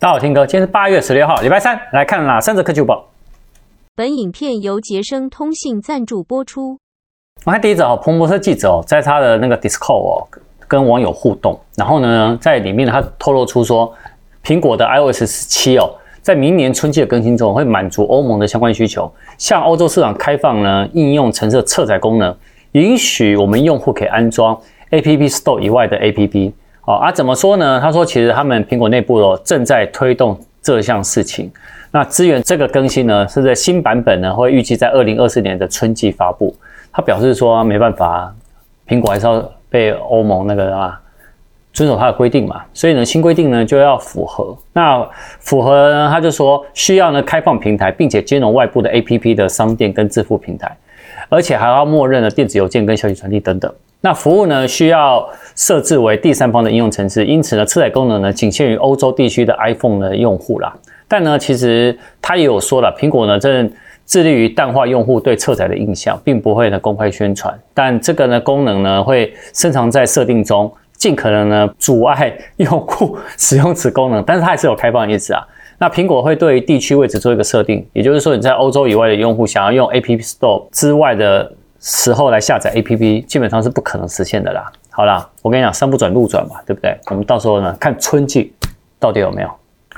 大家好，我 Tim 哥，今天是八月十六號，禮拜三，來看哪三支科技午報。本影片由傑昇通信贊助播出。我看、啊、第一則哦，彭博社記者哦，在他的那個 Discord 哦，跟網友互動，然後呢，在裡面呢，他透露出說，蘋果的 iOS 十七哦，在明年春季的更新中會滿足歐盟的相關需求，向歐洲市場開放呢應用程式側載功能，允許我們用戶可以安裝 App Store 以外的 App。哦啊，怎麼說呢？他說，其實他們蘋果內部哦正在推動這項事情，那支援這個更新呢，是在新版本呢，會預計在二零二四年的春季發布。他表示說，啊，沒辦法，蘋果還是要被歐盟那個啊遵守它的規定嘛，所以呢，新規定呢就要符合。那符合呢，他就說需要呢開放平台，並且兼容外部的 APP 的商店跟支付平台，而且還要默認的電子郵件跟消息傳遞等等。那服務呢，需要設置為第三方的應用程式，因此呢，側載功能呢僅限於歐洲地區的 iPhone 的用戶啦。但呢，其實他也有說了，蘋果呢正致力於淡化用戶對側載的印象，並不會呢公開宣傳。但這個呢功能呢會深藏在設定中，盡可能呢阻礙用戶使用此功能。但是它還是有開放的意思啊。那蘋果會對於地區位置做一個設定，也就是說你在歐洲以外的用戶想要用 App Store 之外的。時候來下載 APP，基本上是不可能實現的啦。好啦，我跟你講，山不轉路轉嘛，對不對？我們到時候呢，看春季到底有沒有。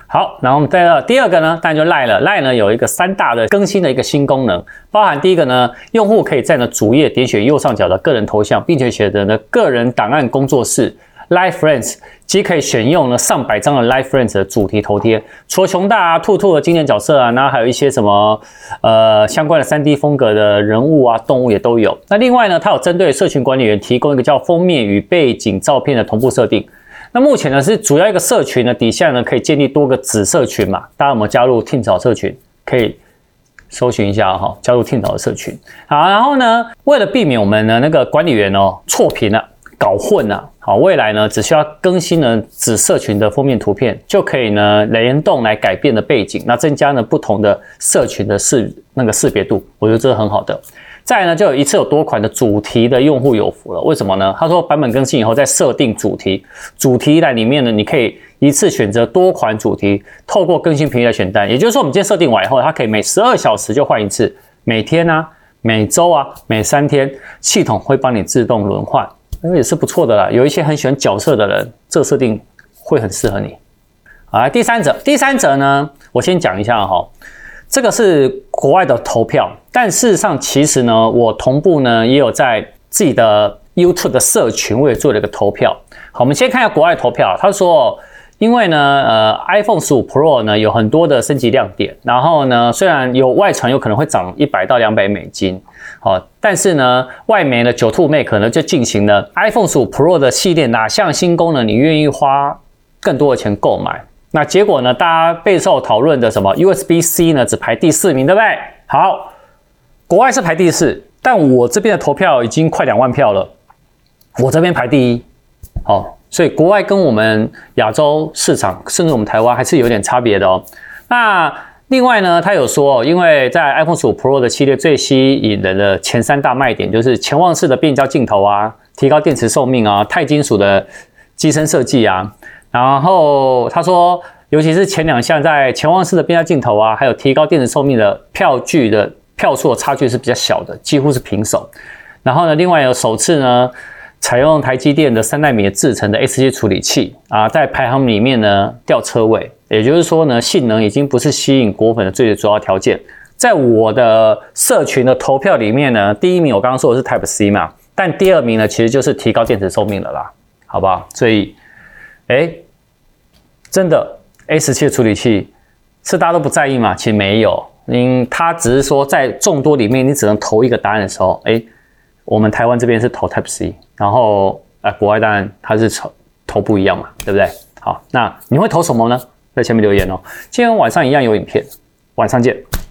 好，然後我們再到第二個呢，當然就 LINE 了。LINE 呢有一個三大的更新的一個新功能，包含第一個呢，用戶可以在呢主頁點選右上角的個人頭像，並且選擇呢個人檔案工作室。LINE Friends 即可以選用了上百張的 LINE Friends 的主題頭貼，除了熊大、啊、兔兔的經典角色啊，然後還有一些什麼呃相關的 3D 風格的人物啊、動物也都有。那另外呢，它有針對社群管理員提供一個叫封面與背景照片的同步設定。那目前呢是主要一個社群的底下呢可以建立多個子社群嘛。大家有沒有加入 Tim 哥社群？可以搜尋一下哈、哦，加入 Tim 哥社群。好，然後呢，為了避免我們的那個管理員哦錯評了、啊、搞混了、啊。好，未來呢，只需要更新呢子社群的封面圖片，就可以呢聯動來改變的背景，那增加了不同的社群的視那個識別度，我覺得這是很好的。再來呢，就有一次有多款的主題的用戶有福了，為什麼呢？他說版本更新以後，再設定主題主題欄裡面呢，你可以一次選擇多款主題，透過更新頻率的選單，也就是說我們今天設定完以後，它可以每十二小時就換一次，每天呢、每週啊、每三天，系統會幫你自動輪換。那個也是不錯的啦，有一些很喜歡角色的人，這個、設定會很適合你。好來，來第三者，第三者呢，我先講一下哈，這個是國外的投票，但事實上其實呢，我同步呢，也有在自己的 YouTube 的社群，我也做了一個投票。好，我們先看一下國外投票，他說。因為呢，呃，iPhone 15 Pro 呢有很多的升級亮點，然後呢，雖然有外傳有可能會漲一百到兩百美金，好、哦，但是呢，外媒呢 9to5Mac 可能就進行了 iPhone 15 Pro 的系列，哪項新功能你願意花更多的錢購買？那結果呢，大家備受討論的什麼 USB-C 呢，只排第四名，對不對？好，國外是排第四，但我這邊的投票已經快兩萬票了，我這邊排第一，好、哦。所以國外跟我們亞洲市場，甚至我們台灣還是有點差別的哦。那另外呢，他有說哦，因為在 iPhone 15 Pro 的系列最吸引人的前三大賣點就是潛望式的變焦鏡頭啊、提高電池壽命啊、鈦金屬的機身設計啊。然後他說，尤其是前兩項，在潛望式的變焦鏡頭啊，還有提高電池壽命的票據的票數的差距是比較小的，幾乎是平手。然後呢，另外有首次呢。採用台積電的三納米的制程的 A17 處理器啊，在排行裡面呢吊車尾，也就是說呢，性能已經不是吸引果粉的最主要條件。在我的社群的投票裡面呢，第一名我剛剛說的是 Type C 嘛，但第二名呢，其實就是提高電池壽命了啦，好不好？所以，哎、欸，真的 A17 處理器是大家都不在意嘛？其實沒有，因它只是說在眾多裡面，你只能投一個答案的時候，哎、欸，我們台灣這邊是投 Type C。然後，呃、欸，國外當然它是投投不一樣嘛，對不對？好，那你會投什麼呢？在前面留言哦。今天晚上一樣有影片，晚上見。